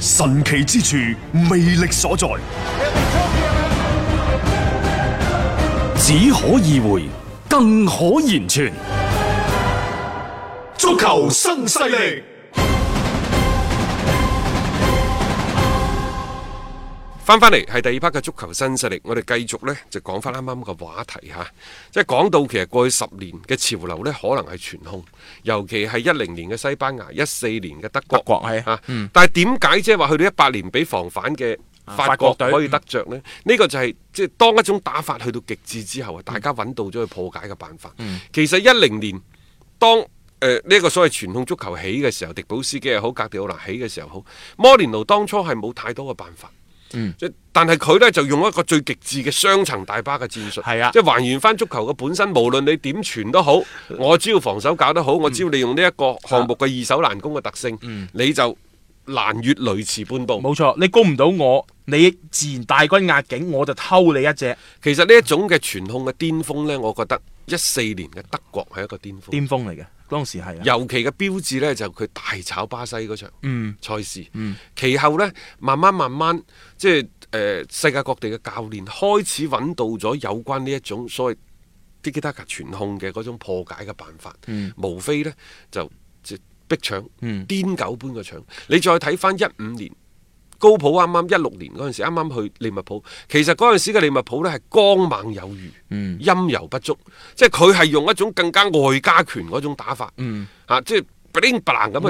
神奇之處，魅力所在，只可意會，更可言傳。足球新勢力。翻翻嚟係第二 part 嘅足球新勢力，我哋繼續呢，就講翻啱啱嘅話題吓、啊，即係講到其實過去十年嘅潮流呢，可能係傳控，尤其係一零年嘅西班牙，一四年嘅德國，但係點解即係話去到一八年俾防反嘅法國隊可以得着呢？呢、嗯、個就係、是、即係當一種打法去到極致之後啊，大家揾到咗去破解嘅辦法。嗯、其實一零年當誒呢一個所謂傳控足球起嘅時候，迪保斯基又好，格迪奧拿起嘅時候好，摩連奴當初係冇太多嘅辦法。嗯，但係佢呢，就用一個最極致嘅雙層大巴嘅戰術，係啊、即係還原翻足球嘅本身，無論你點傳都好，我只要防守搞得好，嗯、我只要你用呢一個項目嘅易守難攻嘅特性，嗯、你就難越雷池半步。冇錯，你攻唔到我，你自然大軍壓境，我就偷你一隻。其實呢一種嘅傳控嘅巔峰呢，我覺得一四年嘅德國係一個巔峰，巔峰嚟嘅。當時係、啊，尤其嘅標誌咧就佢、是、大炒巴西嗰場賽、嗯、事，嗯、其後咧慢慢慢慢，即係誒、呃、世界各地嘅教練開始揾到咗有關呢一種所謂啲基德嘅傳控嘅嗰種破解嘅辦法，嗯、無非咧就即係逼搶，癲狗般嘅搶。嗯、你再睇返一五年。高普啱啱一六年嗰陣時，啱啱去利物浦，其實嗰陣時嘅利物浦呢係光猛有餘，嗯，陰柔不足，即係佢係用一種更加外家拳嗰種打法，嗯，啊，即係。b l 咁去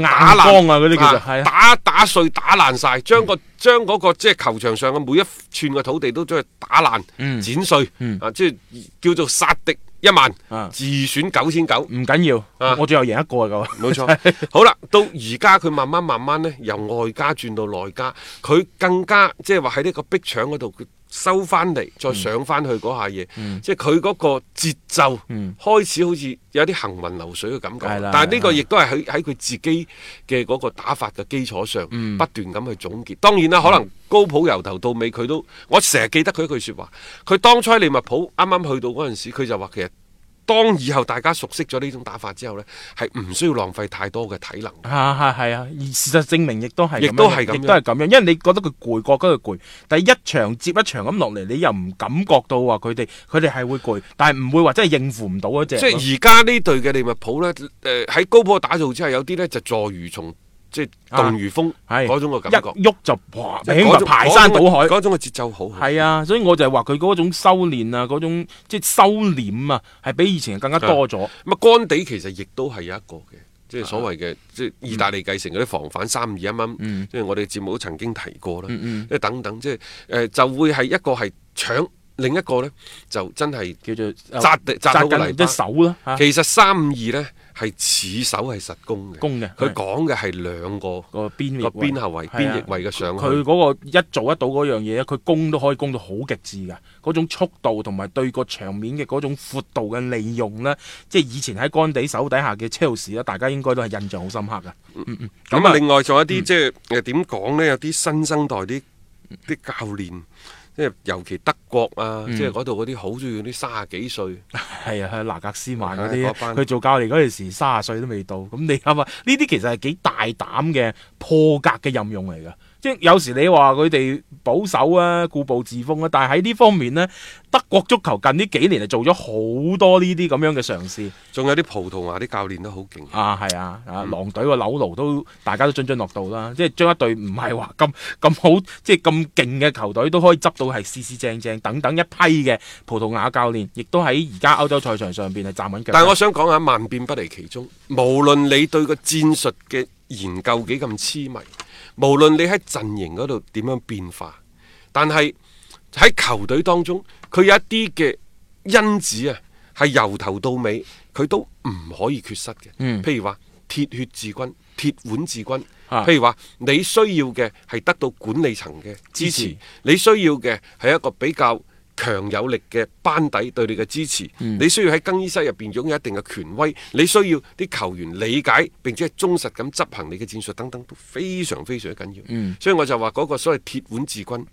打爛啊！嗰啲，其實打打碎打爛晒，將、嗰個將嗰個即係球場上嘅每一寸嘅土地都將佢打爛、剪碎，嗯嗯、啊即係叫做殺敵一萬，啊、自損九千九，唔緊要，我最後贏一個夠。冇錯，好啦，到而家佢慢慢慢慢咧，由外加轉到內加，佢更加即係話喺呢個逼搶。嗰度。收翻嚟，再上翻去嗰下嘢，嗯、即係佢嗰個節奏開始好似有啲行雲流水嘅感覺，嗯、但係呢個亦都係喺喺佢自己嘅嗰個打法嘅基礎上、嗯、不斷咁去總結，當然啦，可能高普由頭到尾佢都，我成日記得佢一句說話，佢當初利物浦啱啱去到嗰陣時，佢就話其實。當以後大家熟悉咗呢種打法之後呢，係唔需要浪費太多嘅體能。係係係啊，而事實證明亦都係，亦都係咁，都係咁樣。因為你覺得佢攰，覺得佢攰，但係一場接一場咁落嚟，你又唔感覺到話佢哋佢哋係會攰，但係唔會話真係應付唔到嗰隻。即係而家呢隊嘅利物浦呢，誒、呃、喺高普打造之下，有啲呢就助於從。即係動如風，係嗰、啊、種嘅感覺，一喐就爬起個排山倒海，嗰種嘅節奏好。係啊，所以我就係話佢嗰種修煉啊，嗰種即係修斂啊，係比以前更加多咗。咁啊，干地其實亦都係有一個嘅，即係所謂嘅、啊、即係意大利繼承嗰啲防反三二一蚊，即係、嗯、我哋節目都曾經提過啦。即、嗯嗯、等等，即係誒、呃，就會係一個係搶。另一個咧就真係叫做紮地紮緊隻手啦。其實三五二咧係似守係實攻嘅，攻嘅佢講嘅係兩個個邊個邊後衞邊翼位嘅上。佢嗰個一做得到嗰樣嘢，佢攻都可以攻到好極致嘅嗰種速度，同埋對個場面嘅嗰種闊度嘅利用咧，即係以前喺干地手底下嘅車路士咧，大家應該都係印象好深刻嘅。咁啊，另外仲有一啲即係誒點講咧？有啲新生代啲啲教練。即係尤其德國啊，嗯、即係嗰度嗰啲好中意嗰啲三十幾歲，係啊係，納格斯曼嗰啲，佢、啊、做教練嗰陣時三十歲都未到，咁你諗下呢啲其實係幾大膽嘅破格嘅任用嚟㗎？即有時你話佢哋保守啊、固步自封啊，但係喺呢方面呢，德國足球近呢幾年就做咗好多呢啲咁樣嘅嘗試。仲有啲葡萄牙啲教練都好勁啊，係啊，啊，啊、嗯、狼隊個紐奴都大家都津津樂道啦，即係將一隊唔係話咁咁好，即係咁勁嘅球隊都可以執到係四四正正等等一批嘅葡萄牙教練，亦都喺而家歐洲賽場上邊係站穩腳。但係我想講下萬變不離其宗，無論你對個戰術嘅研究幾咁痴迷。無論你喺陣型嗰度點樣變化，但係喺球隊當中，佢有一啲嘅因子啊，係由頭到尾佢都唔可以缺失嘅。嗯、譬如話鐵血治軍、鐵腕治軍，哈譬如話你需要嘅係得到管理層嘅支持，嗯、你需要嘅係一個比較。強有力嘅班底對你嘅支持，嗯、你需要喺更衣室入邊擁有一定嘅權威，你需要啲球員理解並且係忠實咁執行你嘅戰術，等等都非常非常緊要。嗯、所以我就話嗰個所謂鐵腕治軍。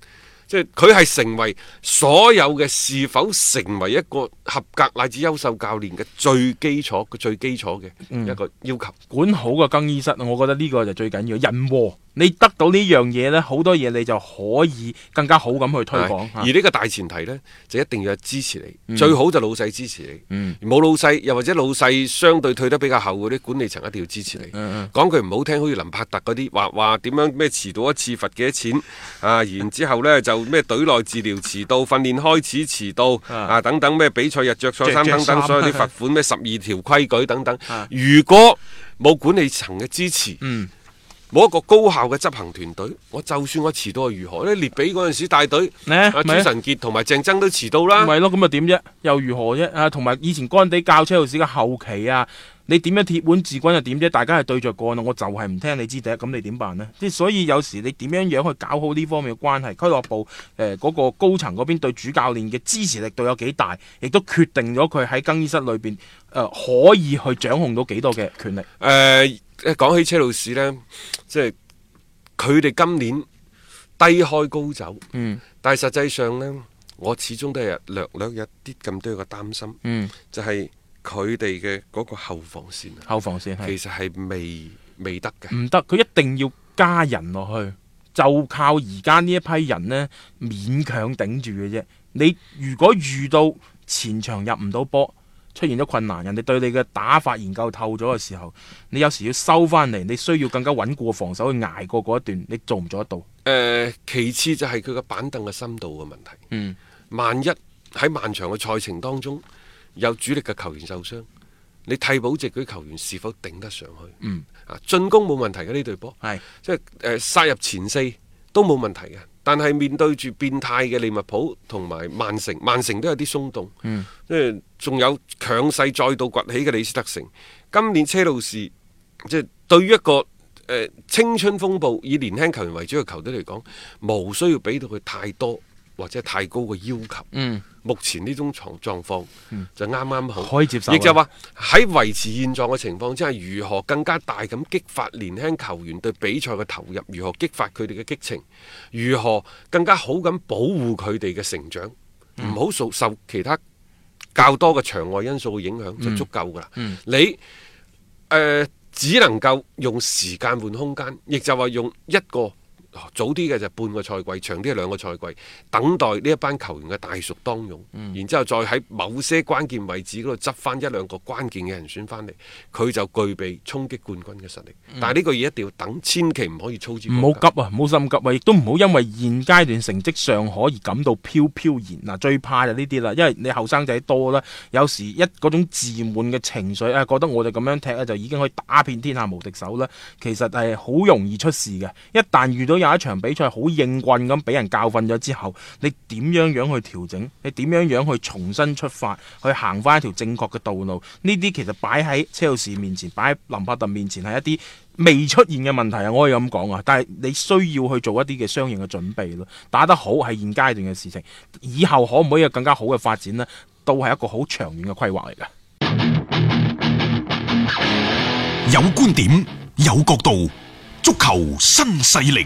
即係佢係成為所有嘅是否成為一個合格乃至優秀教練嘅最基礎，個最基礎嘅一個要求。嗯、管好個更衣室，我覺得呢個就最緊要。人和你得到呢樣嘢咧，好多嘢你就可以更加好咁去推廣。而呢個大前提咧，就一定要支持你。嗯、最好就老細支持你。冇、嗯嗯、老細又或者老細相對退得比較後嗰啲管理層一定要支持你。講、嗯嗯、句唔好聽好似林柏特嗰啲話，話點樣咩遲到一次罰幾多錢啊？然之後咧就。咩隊內治療遲到、訓練開始遲到啊,啊等等，咩比賽日着錯衫等等，呃呃呃、所有啲罰款咩十二條規矩等等。呃、如果冇管理層嘅支持，嗯，冇一個高效嘅執行團隊，我就算我遲到又如何咧？列比嗰陣時帶隊咧，朱晨杰同埋鄭錚都遲到啦，咪咯，咁又點啫？又如何啫？啊，同埋以前干地教車路士嘅後期啊。你點樣鐵腕治軍又點啫，大家係對着幹啦，我就係唔聽你支笛，咁你點辦呢？即係所以有時你點樣樣去搞好呢方面嘅關係，俱樂部誒嗰、呃嗰個高層嗰邊對主教練嘅支持力度有幾大，亦都決定咗佢喺更衣室裏邊誒可以去掌控到幾多嘅權力。誒、呃，講起車路士呢，即係佢哋今年低開高走，嗯，但係實際上呢，我始終都係略略一點點有啲咁多嘅擔心，嗯，就係、係。佢哋嘅嗰個後防線，後防線其實係未未得嘅，唔得，佢一定要加人落去，就靠而家呢一批人咧勉強頂住嘅啫。你如果遇到前場入唔到波，出現咗困難，人哋對你嘅打法研究透咗嘅時候，你有時要收翻嚟，你需要更加穩固嘅防守去挨過嗰一段，你做唔做得到？誒、呃，其次就係佢個板凳嘅深度嘅問題。嗯，萬一喺漫長嘅賽程當中。有主力嘅球員受傷，你替補席佢啲球員是否頂得上去？嗯，啊，進攻冇問題嘅呢隊波，係是即係誒、呃、殺入前四都冇問題嘅。但係面對住變態嘅利物浦同埋曼城，曼城都有啲鬆動。即係仲有強勢再度崛起嘅李斯特城。今年車路士即係對於一個誒、呃、青春風暴以年輕球員為主嘅球隊嚟講，無需要俾到佢太多，或者太高嘅要求，嗯、目前呢種狀況就啱啱好、嗯、可以接受，亦就話喺維持現狀嘅情況之下，如何更加大咁激發年輕球員對比賽嘅投入，如何激發佢哋嘅激情，如何更加好咁保護佢哋嘅成長，唔好、嗯、受受其他較多嘅場外因素嘅影響、嗯、就足夠噶啦。嗯嗯、你誒、呃、只能夠用時間換空間，亦就話用一個。早啲嘅就半個賽季，長啲係兩個賽季，等待呢一班球員嘅大熟當用，嗯、然之後再喺某些關鍵位置嗰度執翻一兩個關鍵嘅人選翻嚟，佢就具備衝擊冠軍嘅實力。嗯、但係呢個嘢一定要等，千祈唔可以操之過急。唔好急啊，唔好心急啊，亦都唔好因為現階段成績尚可而感到飄飄然。嗱、啊，最怕就呢啲啦，因為你後生仔多啦，有時一嗰種自滿嘅情緒啊，覺得我哋咁樣踢咧就已經可以打遍天下無敵手啦，其實係好容易出事嘅。一旦遇到人打一場比賽好應棍咁，俾人教訓咗之後，你點樣樣去調整？你點樣樣去重新出發？去行翻一條正確嘅道路？呢啲其實擺喺車路士面前，擺喺林柏特面前，係一啲未出現嘅問題啊！我可以咁講啊，但係你需要去做一啲嘅相應嘅準備咯。打得好係現階段嘅事情，以後可唔可以有更加好嘅發展呢？都係一個好長遠嘅規劃嚟㗎。有觀點，有角度，足球新勢力。